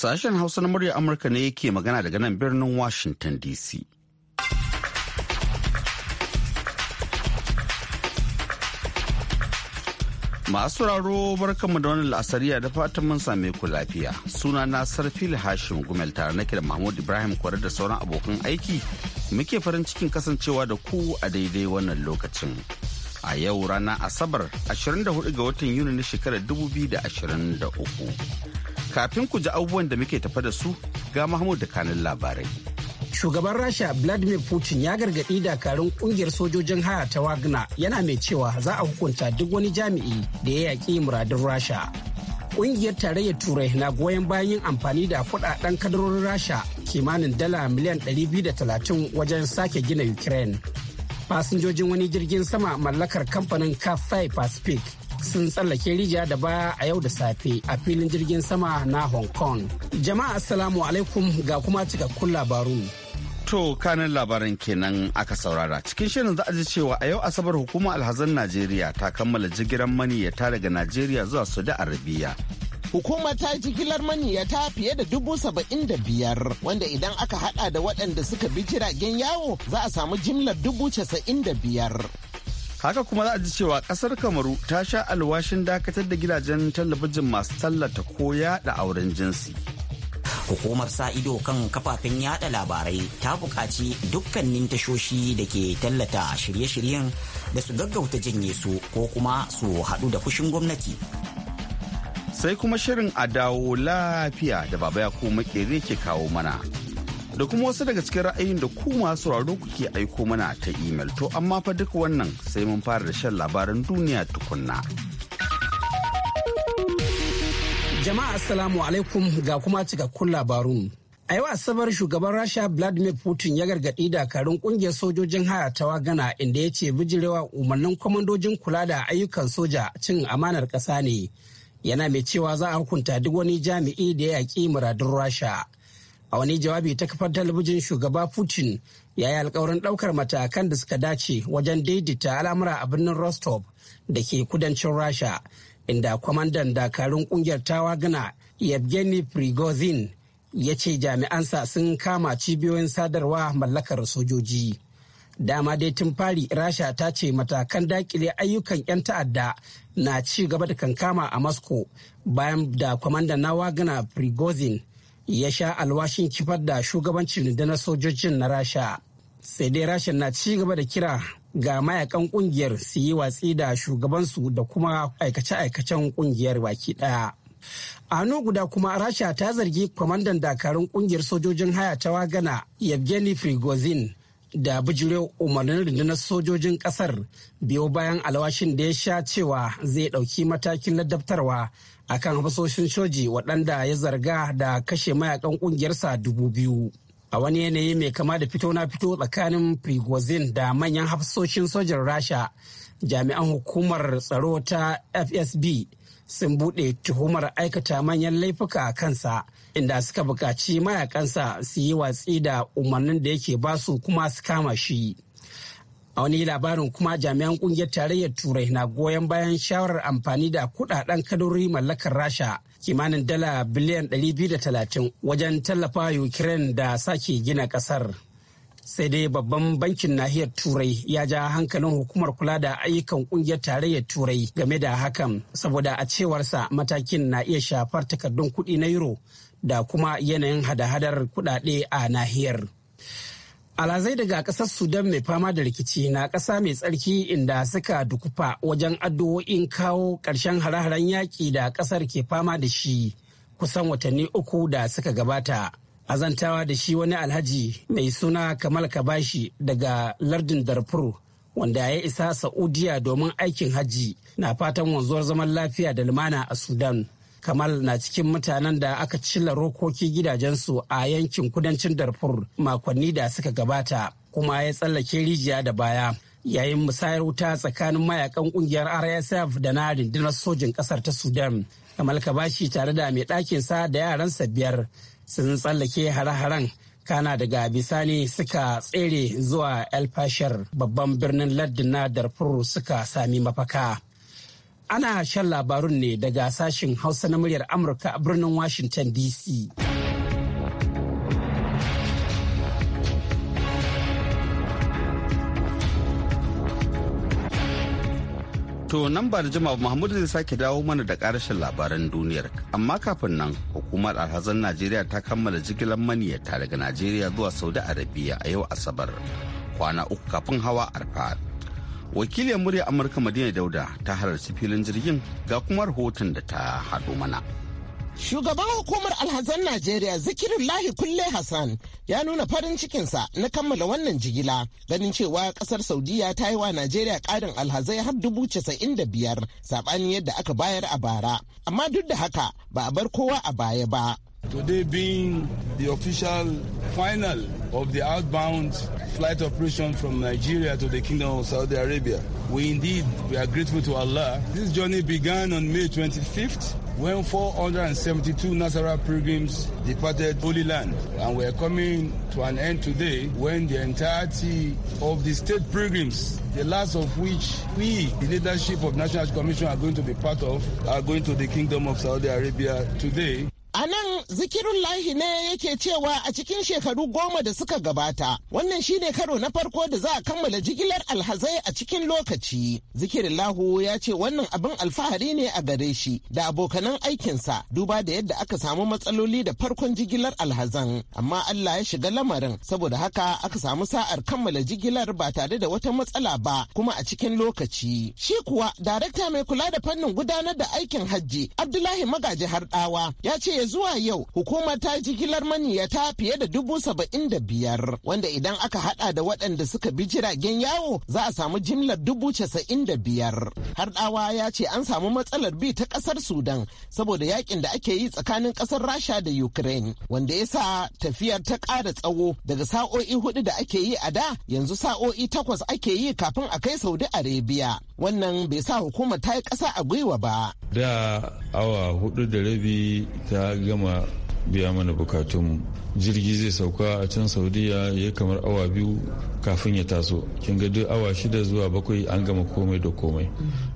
Sashen Hausa na murya Amurka ne yake magana daga nan birnin Washington DC. Masu raro barkanmu da wani la'asariya da fatan mun same ku lafiya. Suna na Sarfil Hashim Gumel tare nake da Mahmud Ibrahim kware da sauran abokan aiki muke farin cikin kasancewa da ku a daidai wannan lokacin. A yau rana Asabar 24 ga watan Yuni na shekarar 2023. Kafin ku ji abubuwan da muke tafa da su ga Mahmud da kanin labarai. Shugaban Rasha Vladimir Putin ya gargaɗi dakarun ƙungiyar sojojin haya ta Wagner yana mai cewa za a hukunta duk wani jami'i da ya yaƙi muradun Rasha. Ƙungiyar tarayyar Turai na goyon bayan yin amfani da kuɗaɗen kadarorin Rasha kimanin dala miliyan 230 wajen sake gina Ukraine. Fasinjojin wani jirgin sama mallakar kamfanin Cathay Pacific sun tsallake rijiya da baya a yau da safe a filin jirgin sama na Hong Kong. Jama'a Assalamu alaikum ga kuma cikakkun labaru. To kanin labarin kenan aka saurara. Cikin shirin za a ji cewa a yau Asabar hukumar alhazan Najeriya ta kammala jigiran maniyyata daga Najeriya zuwa Saudi arabiya Hukumar ta jigilar maniyata fiye da dubu saba'in da biyar wanda idan aka hada da waɗanda suka bi jiragen yawo za a samu jimlar dubu casa'in da biyar. haka kuma za a ji cewa kasar kamaru ta sha alwashin dakatar da gidajen talabijin masu tallata ko yada auren jinsi hukumar sa ido kan kafafen yada labarai ta buƙaci dukkanin tashoshi da ke tallata shirye-shiryen da su gaggauta janye su ko kuma su haɗu da fushin gwamnati sai kuma shirin a dawo lafiya da baba ya kuma ke kawo mana da kuma wasu daga cikin ra'ayin da ku masu sauraro kuke aiko mana ta imel to amma fa duk wannan sai mun fara da shan labaran duniya tukunna. Jama'a assalamu alaikum ga kuma cikakkun labarun. A yau Asabar shugaban Rasha Vladimir Putin ya gargaɗi dakarun ƙungiyar sojojin haya ta Wagana inda ya ce bijirewa umarnin kwamandojin kula da ayyukan soja cin amanar ƙasa ne. Yana mai cewa za a hukunta duk wani jami'i da ya yaƙi muradun Rasha. a wani jawabi ta kafar talabijin shugaba putin ya yi alkawarin daukar matakan da suka dace wajen daidaita al'amura a birnin rostov da ke kudancin rasha inda kwamandan dakarun kungiyar tawagana yevgeny prigozhin ya ce jami'ansa sun kama cibiyoyin sadarwa mallakar sojoji dama dai tun fari rasha ta ce matakan dakile ayyukan 'yan ta'adda na ci gaba da kankama a moscow bayan da kwamandan na wagana prigozhin ya sha alwashin kifar da shugabancin rundunar sojojin na rasha sai dai rasha na ci gaba da kira ga mayakan kungiyar su yi watsi da shugabansu da kuma aikace-aikacen kungiyar baki daya a hannu guda kuma rasha ta zargi kwamandan dakarun kungiyar sojojin haya ta wagana yevgeny prigozhin da bijiro umarnin rundunar sojojin kasar biyo bayan alwashin da ya sha cewa zai dauki matakin ladabtarwa akan hafsoshin shoji waɗanda ya zarga da kashe mayakan ƙungiyarsa dubu biyu a wani yanayi mai kama da fito na fito tsakanin prigozhin da manyan hafsoshin sojan rasha jami'an hukumar tsaro ta fsb sun buɗe tuhumar aikata manyan laifuka a kansa inda suka bukaci mayakansa su yi watsi da umarnin da yake basu kuma su kama shi a wani labarin kuma jami'an kungiyar tarayyar turai na goyon bayan shawarar amfani da kudaden kadori mallakar rasha kimanin dala biliyan 230 wajen tallafa ukraine da sake gina kasar sai dai babban bankin nahiyar turai ya ja hankalin hukumar kula da ayyukan kungiyar tarayyar turai game da hakan saboda a cewarsa matakin na iya shafar takardun kuɗi na euro da kuma yanayin hada-hadar kuɗaɗe a nahiyar. alazai daga kasar sudan mai fama da rikici na kasa mai tsarki inda suka dukufa wajen addu'o'in kawo karshen hare-haren yaƙi da kasar ke fama da shi kusan watanni uku da suka gabata azantawa da shi wani alhaji mai suna kamal kabashi daga lardin darfur wanda ya isa saudiya domin aikin hajji na fatan wanzuwar zaman lafiya da lumana a sudan kamal na cikin mutanen da aka cilla rokoki gidajensu a yankin kudancin darfur makonni da suka gabata kuma ya tsallake rijiya da baya yayin musayar wuta tsakanin mayakan kungiyar rsf da na rundunar sojin kasar ta sudan kamal kabashi tare da mai ɗakin sa da yaransa biyar sun tsallake hare-haren kana daga bisani suka tsere zuwa el babban birnin lardin na darfur suka sami mafaka ana shan labarun ne daga sashen hausa na muryar amurka a birnin washington dc To nan ba da jimawa mahmudu zai sake dawo mana da karashin labaran duniyar. Amma kafin nan hukumar alhazan Najeriya ta kammala jigilar maniyarta daga Najeriya zuwa Saudi Arabiya a yau Asabar. Kwana uku kafin hawa arfa wakilin murya amurka madina dauda ta halarci filin jirgin ga kuma rahoton da ta haɗo mana Shugaban hukumar alhazan Najeriya zikirullahi kulle Hassan ya nuna farin cikinsa na kammala wannan jigila ganin cewa kasar Saudiya ta yi wa Najeriya ƙarin alhazai har dubu casa'in da biyar saɓani yadda aka bayar a bara. Amma duk da haka ba a bar kowa a baya ba. Today being the official final of the outbound flight operation from Nigeria to the Kingdom of Saudi Arabia. We indeed we are grateful to Allah. This journey began on May 25th when 472 Nazarene pilgrims departed Holy Land, and we are coming to an end today when the entirety of the state pilgrims, the last of which we, the leadership of National Commission, are going to be part of, are going to the Kingdom of Saudi Arabia today. A nan lahi ne yake cewa a cikin shekaru goma da suka gabata wannan shine karo na farko da za a kammala jigilar alhazai a cikin lokaci. lahu ya ce wannan abin alfahari ne a gare shi da abokanan aikinsa duba da yadda aka samu matsaloli da farkon jigilar alhazan amma Allah ya shiga lamarin saboda haka aka samu sa'ar kammala jigilar ba tare da wata matsala ba kuma a cikin lokaci. Shi kuwa darakta mai kula da fannin gudanar da aikin hajji Abdullahi Magaji harɗawa ya ce ce zuwa yau hukumar ta jigilar maniyata fiye da dubu saba'in da biyar wanda idan aka hada da waɗanda suka bi jiragen yawo za a samu jimlar dubu casa'in da biyar. har dawa ya ce an samu matsalar bi ta ƙasar Sudan saboda yakin da ake yi tsakanin ƙasar Rasha da Ukraine wanda ya sa tafiyar ta ƙara tsawo daga sa'o'i hudu da ake yi a da yanzu sa'o'i takwas ake yi kafin a kai Saudi Arabia. Wannan bai sa hukumar ta yi ƙasa a gwiwa ba. Da awa hudu da rabi ta ya gama biya mana bukatunmu jirgi zai sauka a can saudiya ya kamar awa biyu kafin ya taso kin ga duk awa shida zuwa bakwai an gama komai da komai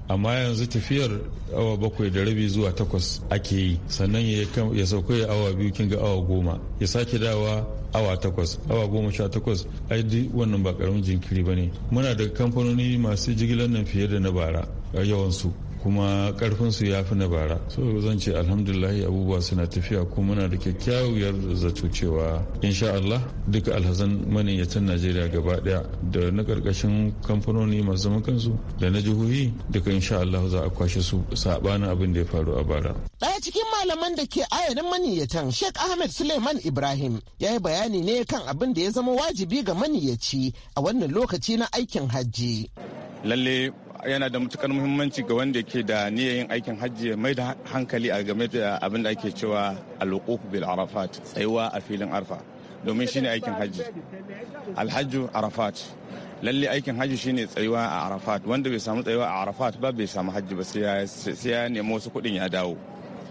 amma yanzu tafiyar awa bakwai da rabi zuwa takwas ake yi sannan ya sauka ya awa biyu kin ga awa goma ya sake dawa awa takwas awa goma sha takwas ai duk wannan ba karamin jinkiri ba ne muna da kamfanoni masu jigilar nan fiye da na bara a yawansu kuma su ya fi na bara so zan ce alhamdulahi abubuwa suna tafiya kuma muna da kyakkyawar zato cewa insha Allah duka alhazan maniyyatan Najeriya gaba daya da na karkashin kamfanoni masu zaman kansu da na jihohi duka insha Allah za a kwashe su sabanin abin da ya faru a bara daya cikin malaman da ke ayarin maniyyatan Sheikh Ahmed Suleiman Ibrahim ya yi bayani ne kan abin da ya zama wajibi ga maniyyaci a wannan lokaci na aikin hajji lalle yana da matukar muhimmanci ga wanda ke da niyyar aikin hajji mai da hankali a game da abin da ake cewa alwuquf bil arafat tsayuwa a filin arfa domin shine aikin hajji alhajju arafat lalle aikin hajji shine tsayuwa a arafat wanda bai samu tsayuwa a arafat ba bai samu hajji ba sai ya nemi wasu kuɗin ya dawo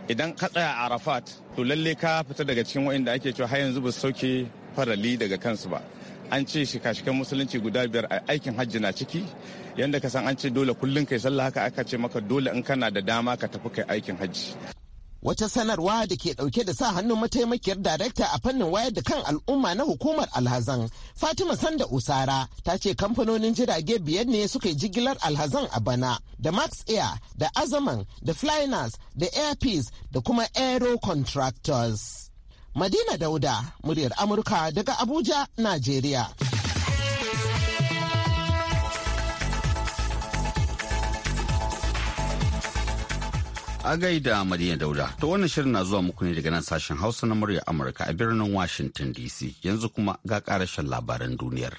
idan ka tsaya a arafat to lalle ka fita daga cikin waɗanda ake cewa har yanzu ba su sauke farali daga kansu ba an ce shika musulunci guda biyar aikin hajji na ciki yanda ka san an ce dole kullum kai sallah haka aka ce maka dole in kana da dama ka tafi kai aikin hajji wata sanarwa da ke dauke da sa hannun mataimakiyar darakta a fannin wayar da kan al'umma na hukumar alhazan fatima sanda usara ta ce kamfanonin jirage biyar ne suka yi jigilar alhazan a bana da max air da azaman da Flyers da airpeace da kuma aero contractors madina dauda muryar amurka daga abuja najeriya. A gaida Madina Dauda, to wannan shirin na zuwa muku ne daga nan sashen Hausa na murya Amurka a birnin Washington DC. Yanzu kuma ga karashen labaran duniyar.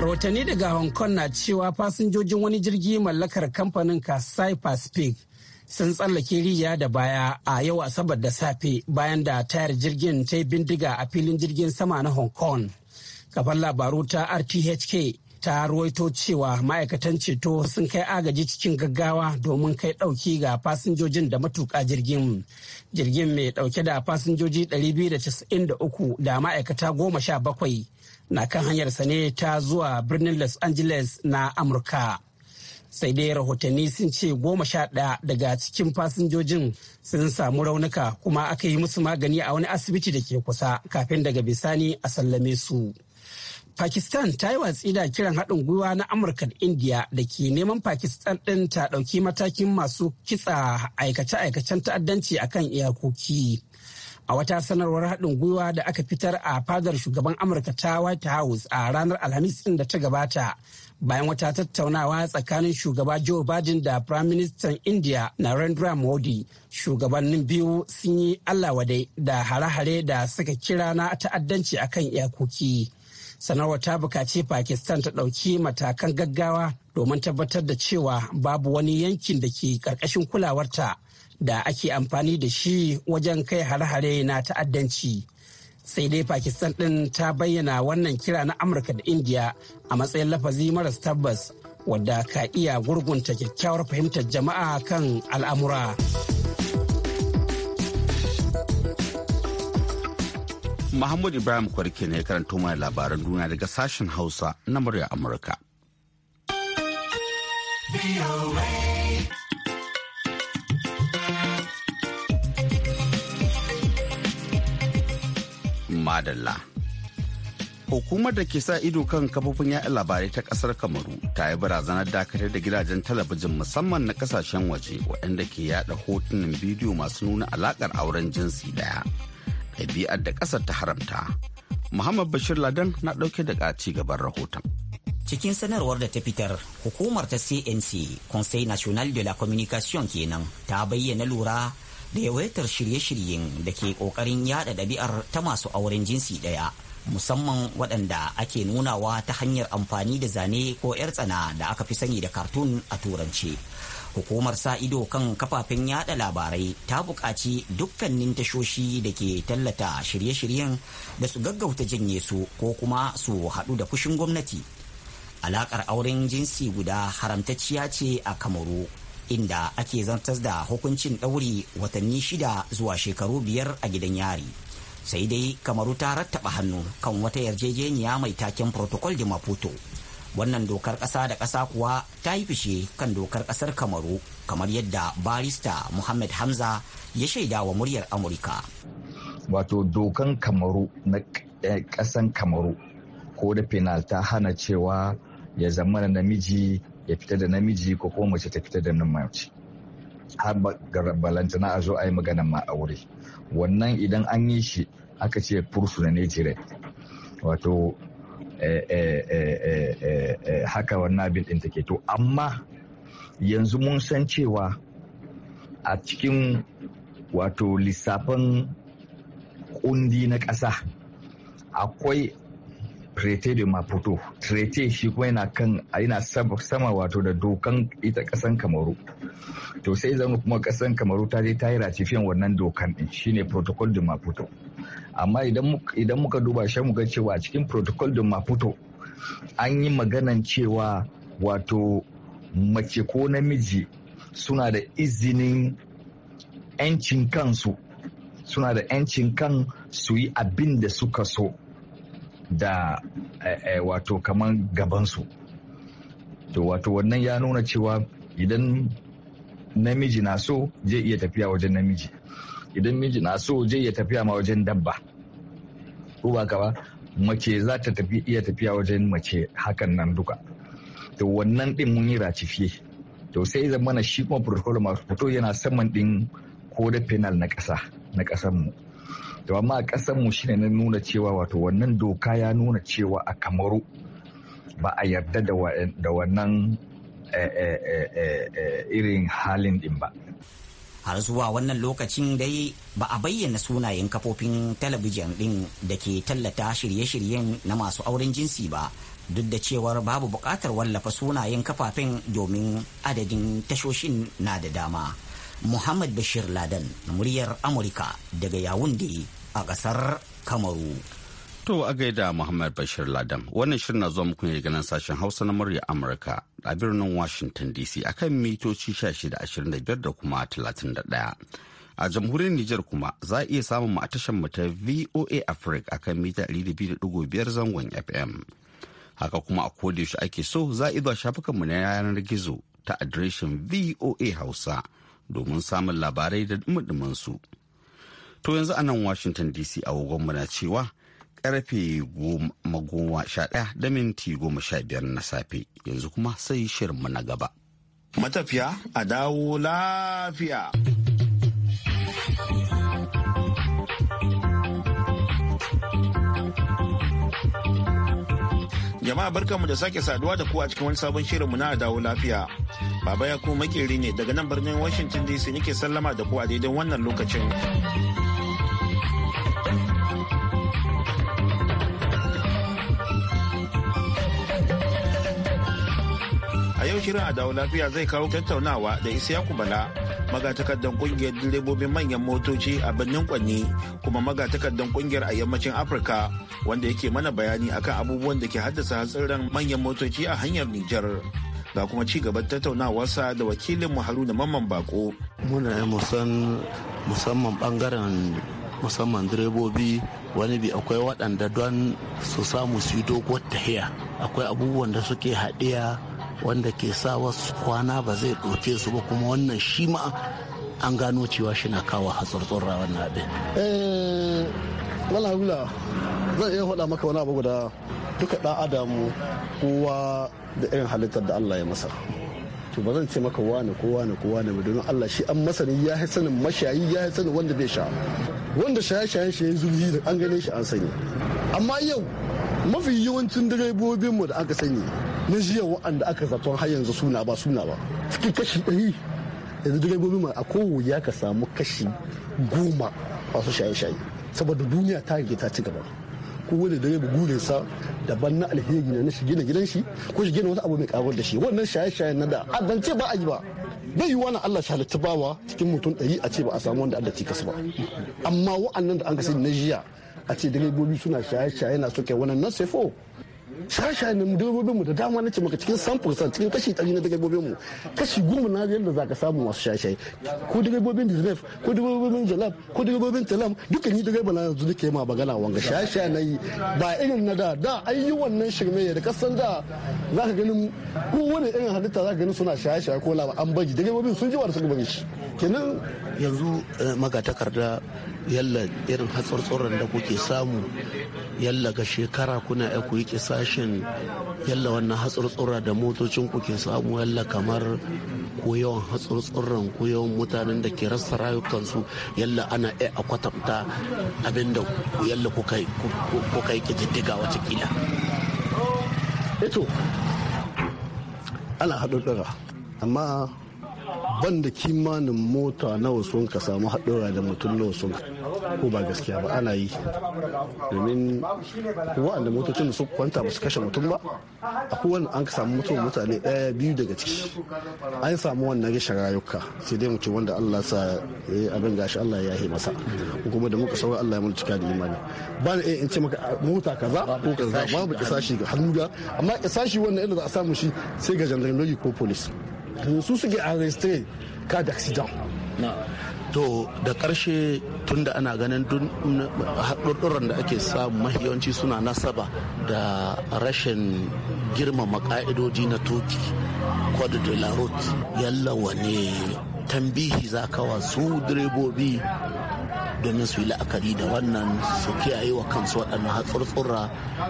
Rahotanni daga Hong Kong na cewa fasinjojin wani jirgi mallakar kamfanin Kasai Pacific sun tsallake riya da baya a yau asabar da safe bayan da tayar jirgin ta bindiga a filin jirgin sama na Hong Kong. kafin labaru ta RTHK ta ruwaito cewa ma'aikatan ceto sun kai agaji cikin gaggawa domin kai ɗauki ga fasinjojin da matuka jirgin. Jirgin mai ɗauke da fasinjoji 293 da ma'aikata 17 na kan hanyarsa ne ta zuwa birnin Los Angeles na Amurka. sai dai rahotanni sun ce goma sha ɗaya daga cikin fasinjojin sun samu raunuka kuma aka yi musu magani a wani asibiti da ke kusa kafin daga bisani a sallame su. Pakistan ta yi watsi da kiran haɗin gwiwa na Amurka da indiya da ke neman Pakistan ɗin ta ɗauki matakin masu kitsa aikace-aikacen ta'addanci a kan iyakoki. A wata sanarwar haɗin gwiwa da aka fitar a fadar shugaban Amurka ta White House a ranar Alhamis ɗin da ta gabata bayan wata tattaunawa tsakanin shugaba Joe Biden da Prime Minister India Narendra Modi. Shugabannin biyu sun yi Allah wadai da hare-hare da suka kira na ta'addanci akan iyakoki. sanarwa ta bukaci pakistan ta ɗauki matakan gaggawa domin tabbatar da cewa babu wani yankin da ke ƙarƙashin kulawarta da ake amfani da shi wajen kai hare-hare na ta'addanci sai dai pakistan ɗin ta bayyana wannan kira na amurka da indiya a matsayin lafazi maras tabbas wadda ka iya gurgunta kyakkyawar fahimtar jama'a kan al'amura. Muhammad Ibrahim Kwarke ne ya karanto mana labaran duniya daga sashen Hausa na murya Amurka. Madalla. Hukumar da ke sa ido kan kafofin yaɗa labarai ta ƙasar Kamaru ta yi barazanar dakatar da gidajen talabijin musamman na ƙasashen waje waɗanda ke yaɗa hotunan bidiyo masu nuna alaƙar auren jinsi ɗaya. ɗabi'ar da ƙasar ta haramta. Muhammad Bashir Ladan na ɗauke da ci gaban rahoton. Cikin sanarwar da ta fitar, hukumar ta CNC, Conseil National de la Communication kenan, ta bayyana lura da yawaitar shirye-shiryen da ke ƙoƙarin yada ɗabi'ar ta masu auren jinsi ɗaya. musamman waɗanda ake nunawa ta hanyar amfani da zane ko 'yar tsana da aka fi sani da cartoon a turance. hukumar sa ido kan kafafen yada labarai ta buƙaci dukkanin tashoshi da ke tallata shirye-shiryen da su gaggauta janye su ko kuma su haɗu da fushin gwamnati alaƙar auren jinsi guda haramtacciya ce a kamaru inda ake zantar da hukuncin ɗauri watanni shida zuwa shekaru biyar a gidan yari sai dai kamaru ta rattaba hannu kan wata yarjejeniya mai taken protocol de maputo wannan dokar ƙasa da ƙasa kuwa ta yi fishe kan dokar ƙasar kamaru kamar yadda barista muhammad hamza ya shaida wa muryar amurka wato dokan kamaru na eh, ƙasan kamaru ko da penal ta hana cewa ya zama da namiji ya fita da namiji ko kuma mace ta fita da mace har balantana a zo a yi maganan ma aure wannan idan an yi shi aka ce fursuna ne nejire wato Eh, eh, eh, haka wannan abin ɗin take to amma yanzu mun san cewa a cikin wato lissafin kundi na ƙasa akwai Traité de Maputo. Traité shi kuma yana kan yana sama wato da dokan ita kasan Kamaru. To sai zama kuma kasan Kamaru ta je ta yi ratifiyan wannan dokan din shine Protocol de Maputo. Amma idan muka duba shi muga cewa cikin Protocol de Maputo an yi maganan cewa wato mace ko namiji suna da izinin 'yancin kansu suna da 'yancin kan su yi abin da suka so da eh, eh, wato kamar gabansu to wato wannan ya nuna cewa idan namiji na so zai iya tafiya wajen namiji idan miji na so zai iya tafiya ma wajen dabba ko ba ba mace za ta tafi iya tafiya wajen mace hakan nan duka to wannan din mun yi ratifiye to sai na shi kuma protocol masu fito yana saman din ko da penal na ƙasa na ƙasar mu to amma a ƙasar mu shine na nuna cewa wato wannan doka ya nuna cewa a kamaru ba a yarda da wannan eh, eh, eh, irin halin din ba har zuwa wannan lokacin dai ba a bayyana sunayen kafofin talabijin din da ke tallata shirye-shiryen na masu auren jinsi ba duk da cewar babu bukatar wallafa sunayen kafafen domin adadin tashoshin na da dama. Muhammad Bashir Laden muryar Amurka daga Yawundi a ƙasar Kamaru. To a gaida Muhammad Bashir Laden wannan shirin na zuwa muku ne ganin sashen Hausa na muryar Amurka a birnin Washington DC akan mitoci 1625 da kuma 31. A jamhuriyar Nijar kuma za a iya samun mu a tashar mu VOA Africa akan mita 200.5 zangon FM. haka kuma a kodiyoshi yaushe ake so za a zuwa shafukanmu na yanar gizo ta adireshin voa hausa domin samun labarai da dumudumin su. To yanzu a nan Washington DC a mu na cewa karfe goma sha ɗaya da minti goma sha biyar na safe yanzu kuma sai shirinmu na gaba. Matafiya a dawo lafiya. Jama'a barkanmu da sake saduwa da ku a cikin wani sabon shirinmu na dawo lafiya. Baba ya kuma makeri ne daga nan birnin Washington DC nake sallama da ku a daidai wannan lokacin. A yau shirin a dawo lafiya zai kawo tattaunawa da Isiyaku Bala magatakardar kungiyar direbobin manyan motoci a birnin kwanni kuma magatakardan kungiyar a yammacin afirka wanda yake mana bayani akan abubuwan da ke haddasa hatsarin manyan motoci a hanyar nijar ga kuma ci gaban tattaunawarsa da wakilin mu haruna mamman bako muna musamman bangaren musamman direbobi wani bi akwai waɗanda don su samu su yi doguwar tahiya akwai abubuwan da suke haɗiya wanda ke sa wasu kwana ba zai ɗauke su ba kuma wannan shi ma an gano cewa shi na kawo hatsartsura wannan abin. Eh, zan iya faɗa maka wani abu guda duka ɗan adamu kowa da irin halittar da Allah ya masa. to ba zan ce maka wane ko wane ko wane ba domin Allah shi an masani ya yi sanin mashayi ya yi sanin wanda bai sha wanda shaye-shayen shi ya zurfi da an gane shi an sani amma yau mafi yawancin direbobin mu da aka sani na jiya wa'anda aka zaton har yanzu suna ba suna ba cikin kashi ɗari yanzu direbobin mu a kowu ya ka samu kashi goma masu shaye-shaye saboda duniya ta rige ta ci gaba Ko da dare ba sa daban na alheri na shi gina gidan shi ko shi na wata abu mai karuwar da shi wannan shaye shaye na da ban ce ba a yi ba bai yiwuwa na Allah shi halitta bawa cikin mutum ɗari a ce ba a samu wanda Allah cikas ba amma wa'annan da an ka sani na jiya a ce direbobi suna shaye-shaye na suke wannan na sefo shasha ne mu dabbobin mu da dama na ce maka cikin 100% cikin kashi 100 na dabbobin mu kashi 10 na yadda zaka samu masu shashai ko dabbobin disnef ko dabbobin jalab ko dabbobin talam dukkan ni dabbobin na yanzu nake ma bagana wanga shasha na yi ba irin na da da an yi wannan shirme da kasan da zaka ganin ko wani irin halitta zaka ganin suna shasha ko laba an baji dabbobin sun ji wa suka bari shi kenan yanzu eh, takarda yalla irin hatsartsoron da kuke samu yalla ga shekara kuna ku yi kisa rashin yalla wannan hatsurtsura da motocin ku ke samu yalla kamar ko yawan hatsurtsuran ko yawan mutanen da ke rasa rayukansu yalla ana a kwatanta abinda yalla ku kai ki kididdiga watakila Ito eh ala haɗu amma ban da kimanin mota nawa sun ka samu haɗura da mutum nawa sun ko ba gaskiya ba ana yi domin wa'anda motocin da su kwanta ba su kashe mutum ba a kowane an ka samu mutum mutane ɗaya biyu daga ciki an samu wannan rashin rayuka sai dai mutum wanda Allah sa abin gashi Allah ya yi masa kuma da muka saura Allah ya mun cika da imani ba na in ce maka mota kaza ko kaza babu kisashi ga hannu amma shi wannan inda za a samu shi sai ga jandarmeri ko police su suke arrestate ka da accident to da karshe da ana ganin haɗuɗɗuran da ake samu mahiyanci suna nasaba da rashin girmama ƙa'idoji na toki kwadu de la route yalla wane tambihi za kawa su direbobi domin su yi la'akari da wannan su kiyaye wa kansu waɗannan hatsurtsura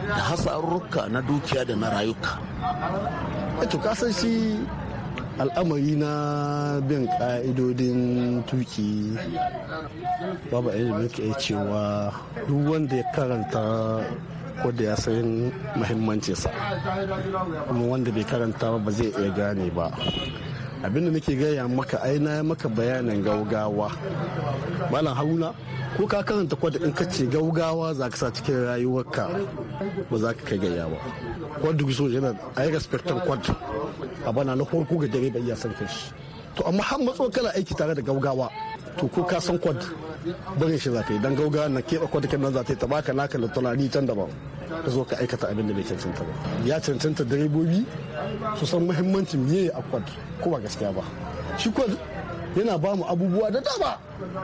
da hasarurruka na dukiya da na rayuka. Eh, ka san shi al'amari na bin ka'idodin tuki babu ainihin muke cewa duk wanda ya karanta ko da ya san sa kuma wanda bai karanta ba zai iya gane ba abinda nake gaya maka aina ya maka bayanin gaugawa malam haruna ko ka karanta kwada in ka ce gaugawa za ka sa cikin rayuwarka ba za ka kai gaya ba wanda gusu yana a yi respectar kwad a bana na farko ga dare bai iya san kai to amma har matso kana aiki tare da gaugawa to ko ka san kwad bare shi za ka yi dan gaugawa na keɓa kwad kan nan za ta yi tabaka na naka da tunani can daban ka zo ka aikata abin da bai cancanta ba ya cancanta direbobi su san muhimmancin me a kwad ko ba gaskiya ba shi kwad yana ba mu abubuwa da dama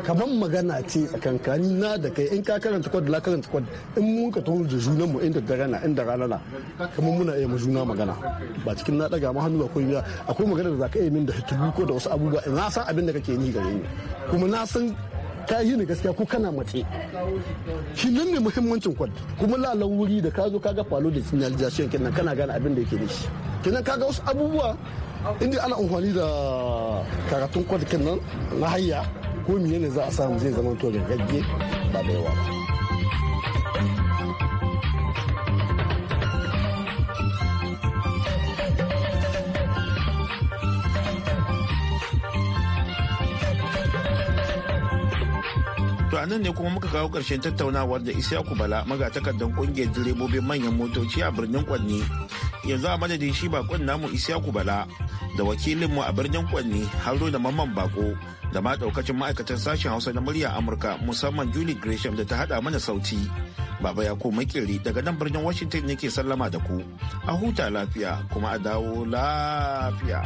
kamar magana ce tsakankani na da kai in ka karanta kwad la karanta kwad in mun ka taho da junan mu inda dare na inda rana na kamar muna iya mu juna magana ba cikin na daga mu hannu akwai ya akwai magana da zaka iya min da hitubu ko da wasu abubuwa na san abin da kake ni gare ni kuma na san ka yi ni gaskiya ko kana matse shi nan ne muhimmancin kwad kuma lalan wuri da ka zo ka ga falo da sinyal jashiyan kenan kana gane abin da yake da shi kenan ka ga wasu abubuwa inda ana amfani da karatun kwadikin nan na hayya ko miye ne za a samu zai zama to da gagge ba da yawa ba nan ne kuma muka kawo ƙarshen tattaunawar da Isiyaku Bala magatakardan ƙungiyar direbobin manyan motoci a birnin Kwanni yanzu a madadin shi bakon namu Isiyaku Bala da wakilinmu a birnin Kwanni Haruna Mamman Bako da ma daukacin ma'aikatan sashen Hausa na murya Amurka musamman Julie Gresham da ta hada mana sauti. Baba ya ko makiri daga nan birnin Washington nake sallama da ku. A huta lafiya kuma a dawo lafiya.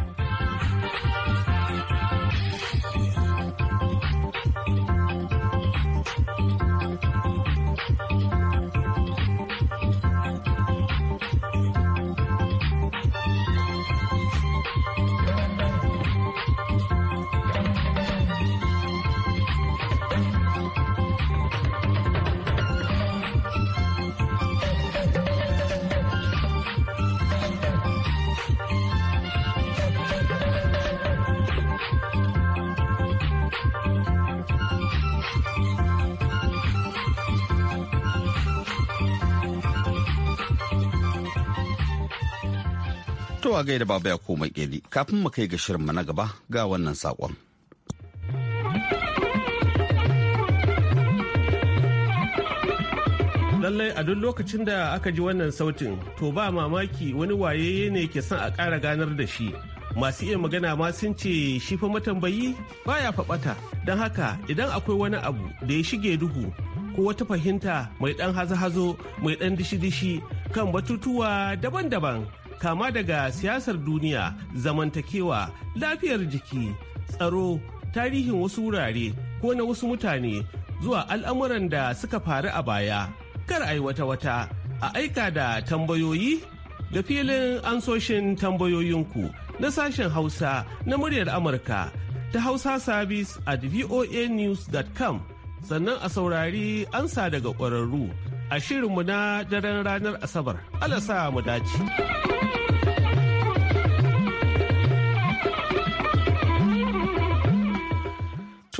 To a gaida baba ya koma Keli kafin mu kai ga shirinmu na gaba ga wannan saƙon. Lallai a duk lokacin da aka ji wannan sautin to ba mamaki wani waye ne ke son a ƙara ganar da shi. Masu iya magana ma sun ce shi fa matambayi baya faɓata don haka idan akwai wani abu da ya shige duhu ko wata fahimta mai ɗan hazo-hazo mai ɗan dishi-dishi kan batutuwa daban-daban kama daga siyasar duniya zamantakewa lafiyar jiki tsaro tarihin wasu wurare ko na wasu mutane zuwa al'amuran da suka faru a baya kar a yi wata-wata a aika da tambayoyi da filin ansoshin tambayoyinku na sashen hausa na muryar amurka ta hausa service at voanews.com sannan a saurari ansa daga ƙwararru a shirinmu na daren ranar asabar alasa mu dace.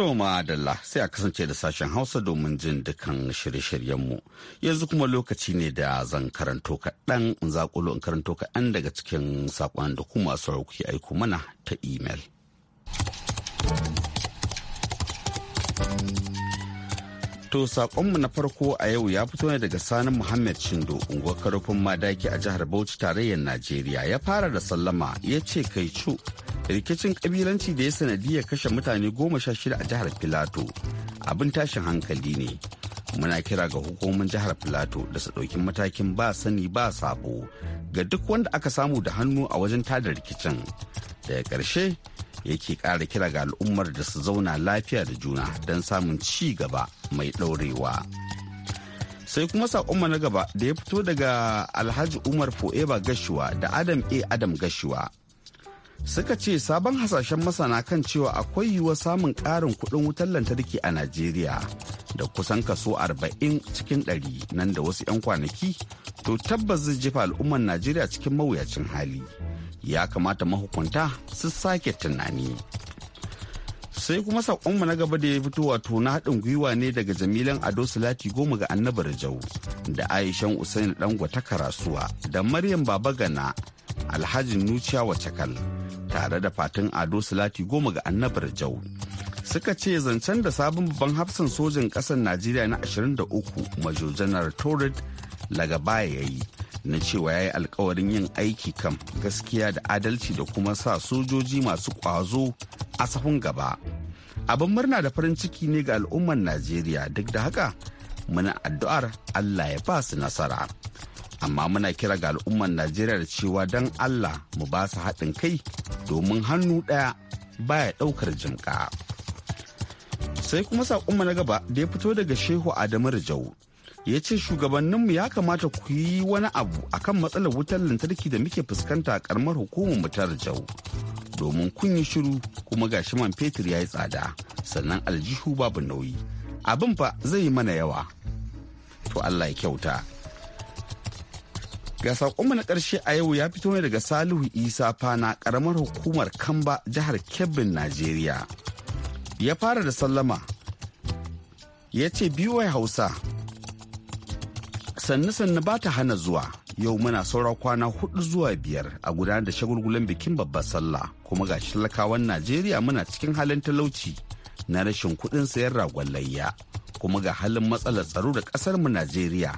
To ma'adalla sai a kasance da sashen Hausa domin jin dukkan shirye-shiryenmu. Yanzu kuma lokaci ne da zan karanto kaɗan in zaƙulo in karanto kaɗan daga cikin saƙon da kuma sauraki aiko mana ta imel. To saƙonmu na farko a yau ya fito ne daga sanin Muhammad Shindo, unguwar karfin madaki a jihar Bauchi tarayyar Najeriya. Ya fara da sallama ya ce kai cu. Rikicin ƙabilanci da ya sanadiyar kashe mutane goma sha shida a jihar Filato. Abin tashin hankali ne. muna kira ga hukumomin jihar filato da su ɗauki matakin ba sani ba sabo ga duk wanda aka samu da hannu a wajen tada rikicin daga ƙarshe yake ƙara kira ga al'ummar da su zauna lafiya da juna don samun ci gaba mai ɗaurewa sai kuma saƙonmu na gaba da ya fito daga alhaji umar fo'eba gashuwa da adam a adam gashuwa suka ce sabon hasashen masana kan cewa akwai yiwuwar samun ƙarin kuɗin wutar lantarki a najeriya da kusan kaso 40 cikin 100 nan da wasu 'yan kwanaki to tabbas zai jefa al'ummar najeriya cikin mawuyacin hali ya kamata mahukunta su sake tunani sai kuma saƙonmu na gaba da ya fito wato na haɗin gwiwa ne daga jamilan ado salati goma ga annabar jau da aishan usaini dan ta karasuwa da maryam gana alhaji nuciya wacakal tare da fatan ado salati goma ga annabar jau suka ce zancen da sabon babban hafsan sojin ƙasar najeriya na 23 major janar torrid lagabaya ya yi na cewa ya yi alkawarin yin aiki kan gaskiya da adalci da kuma sa sojoji masu ƙwazo a sahun gaba abin murna da farin ciki ne ga al'ummar najeriya duk da haka muna addu'ar allah ya ba su nasara amma muna kira ga al'ummar najeriya da cewa don allah mu ba su haɗin kai domin hannu ɗaya baya ɗaukar jinka. sai kuma saƙonmu na gaba da ya fito daga shehu adamu rijau ya ce shugabanninmu ya kamata ku yi wani abu akan matsalar wutar lantarki da muke fuskanta a karamar hukumar mu ta rijau domin kun yi shiru kuma gashi man fetur ya yi tsada sannan aljihu babu nauyi abin fa zai yi mana yawa to allah ya kyauta ga saƙonmu na ƙarshe a yau ya fito ne daga salihu isa fana ƙaramar hukumar kamba jihar kebbin najeriya ya fara da sallama ya ce biyu hausa sannu sannu ba ta hana zuwa yau muna saura kwana hudu zuwa biyar a gudanar da shagulgulan bikin babbar sallah kuma ga talakawan najeriya muna cikin halin talauci na rashin kudin sayan ragon layya kuma ga halin matsalar tsaro da ƙasar mu najeriya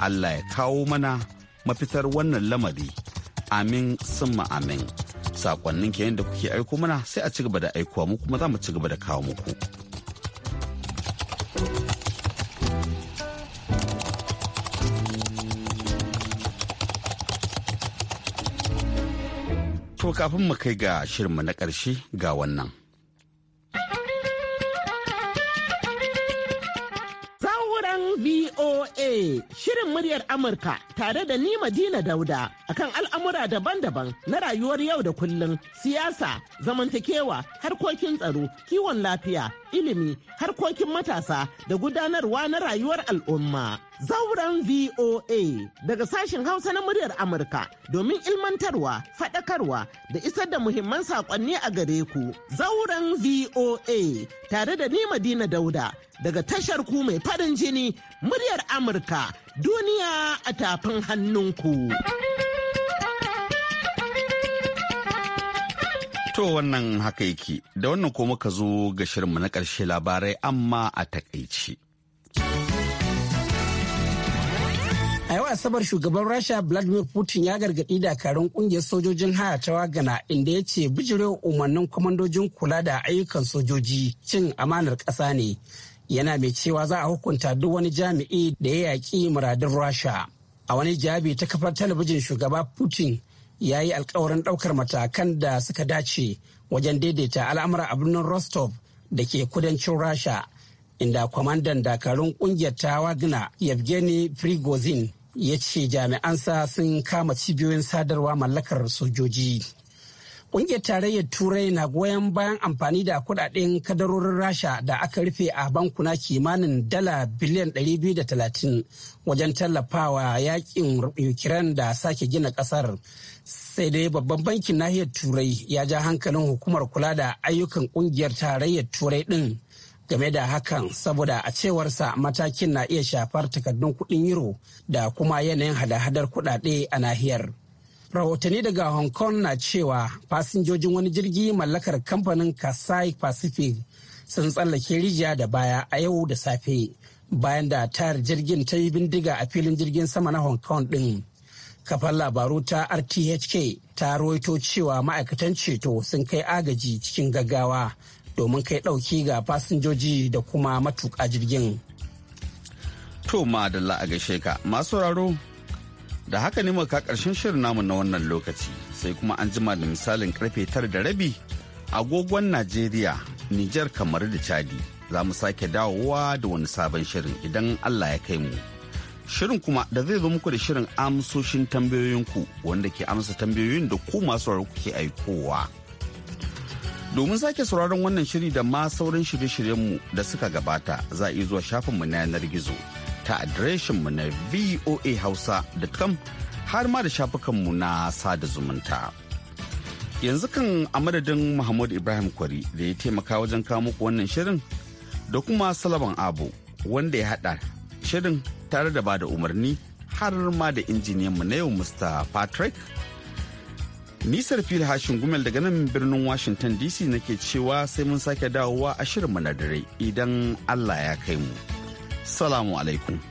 allah ya kawo mana mafitar wannan lamari amin summa amin sakonnin kenan da kuke aiko mana sai a ci gaba da aikowa mu kuma za mu ci gaba da kawo muku. To kafin mu kai ga shirinmu na ƙarshe ga wannan. VOA Shirin muryar Amurka tare da ni Madina Dauda akan al'amura daban-daban na rayuwar yau da kullum siyasa, zamantakewa, harkokin tsaro, kiwon lafiya, ilimi, harkokin matasa da gudanarwa na rayuwar al'umma. zauren VOA daga sashen Hausa na muryar Amurka domin ilmantarwa, faɗakarwa da isar da muhimman saƙonni a gare ku. Zauren VOA tare da ni Madina Dauda daga tashar ku mai farin jini muryar Amurka duniya a tafin hannunku. To wannan haka yake, da wannan ko muka zo ga shirinmu na ƙarshe labarai amma a takaici. Asabar shugaban Rasha Vladimir Putin ya gargaɗi dakarun ƙungiyar sojojin haya ta Wagana inda ya ce bijirewa umarnin kwamandojin kula da ayyukan sojoji cin amanar ƙasa ne. Yana mai cewa za a hukunta duk wani jami'i da ya yaƙi muradin Rasha. A wani jabi ta kafar talabijin shugaba Putin ya yi alkawarin ɗaukar matakan da suka dace wajen daidaita al'amura a birnin Rostov da ke kudancin Rasha. inda kwamandan dakarun kungiyar ta wagna yevgeny frigozin ya ce jami'ansa sun kama cibiyoyin sadarwa mallakar sojoji Ƙungiyar tarayyar Turai na goyon bayan amfani da kudaden kadarorin Rasha da aka rufe a bankuna kimanin dala biliyan 230 wajen tallafawa yakin yukiran da sake gina ƙasar. Sai dai babban bankin nahiyar Turai ya ja hankalin hukumar kula da ayyukan ƙungiyar tarayyar Turai ɗin game da hakan saboda a cewarsa matakin na iya shafar takardun kuɗin euro da kuma yanayin hada-hadar kuɗaɗe a nahiyar. Rahotanni daga Hong Kong na cewa fasinjojin wani jirgi mallakar kamfanin Kasai Pacific sun tsallake rijiya da baya a yau da safe bayan da tayar jirgin ta yi bindiga a filin jirgin sama na Hong Kong ɗin. kafar labaru ta RTHK ta rawaito cewa ma'aikatan ceto sun kai agaji cikin gaggawa domin kai ɗauki ga fasinjoji da kuma matuƙa jirgin. To madalla a gaishe ka masu sauraro da haka ne muka karshen shirin namu na wannan lokaci sai kuma an jima da misalin karfe tara da rabi agogon Najeriya, Nijar kamar da Chadi za mu sake dawowa da wani sabon shirin idan Allah ya kai mu. Shirin kuma da zai zo muku da shirin amsoshin tambayoyinku wanda ke amsa tambayoyin da ku masu kuke aikowa. Domin sake sauraron wannan shiri da ma sauran shirye-shiryenmu da suka gabata za a iya zuwa shafinmu na yanar gizo ta adireshinmu na voa voahausa.com har ma da shafukanmu na sada zumunta. Yanzu kan a madadin Muhammadu Ibrahim Kwari da ya taimaka wajen kawo muku wannan shirin da kuma Salaman Abu wanda ya haɗa shirin tare da bada umarni har ma da injiniyanmu na yau Mr. Patrick. Nisar fil hashin gumel daga nan birnin Washington DC nake cewa sai mun sake dawowa a shirinmu na dare idan Allah ya kai mu. Salamu alaikum.